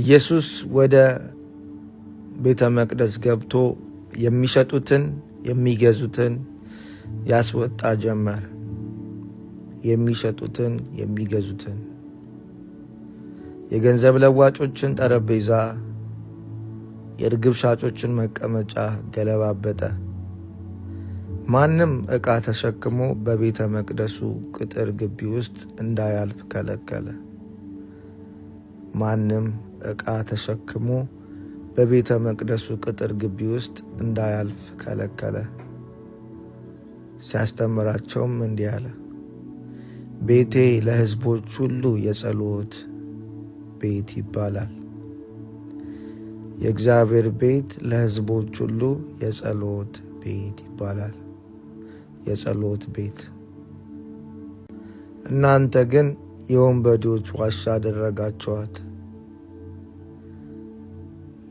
ኢየሱስ ወደ ቤተ መቅደስ ገብቶ የሚሸጡትን የሚገዙትን ያስወጣ ጀመር። የሚሸጡትን የሚገዙትን፣ የገንዘብ ለዋጮችን ጠረጴዛ፣ የርግብ ሻጮችን መቀመጫ ገለባበጠ። ማንም ዕቃ ተሸክሞ በቤተ መቅደሱ ቅጥር ግቢ ውስጥ እንዳያልፍ ከለከለ። ማንም ዕቃ ተሸክሞ በቤተ መቅደሱ ቅጥር ግቢ ውስጥ እንዳያልፍ ከለከለ። ሲያስተምራቸውም እንዲህ አለ፣ ቤቴ ለሕዝቦች ሁሉ የጸሎት ቤት ይባላል። የእግዚአብሔር ቤት ለሕዝቦች ሁሉ የጸሎት ቤት ይባላል። የጸሎት ቤት እናንተ ግን የወንበዴዎች ዋሻ አደረጋችኋት፣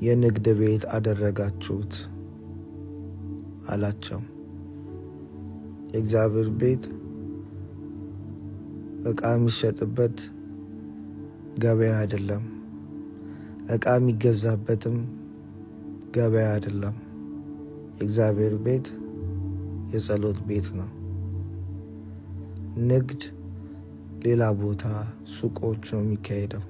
የንግድ ቤት አደረጋችሁት አላቸው። የእግዚአብሔር ቤት እቃ የሚሸጥበት ገበያ አይደለም። እቃ የሚገዛበትም ገበያ አይደለም። የእግዚአብሔር ቤት የጸሎት ቤት ነው። ንግድ ሌላ ቦታ ሱቆች ነው የሚካሄደው።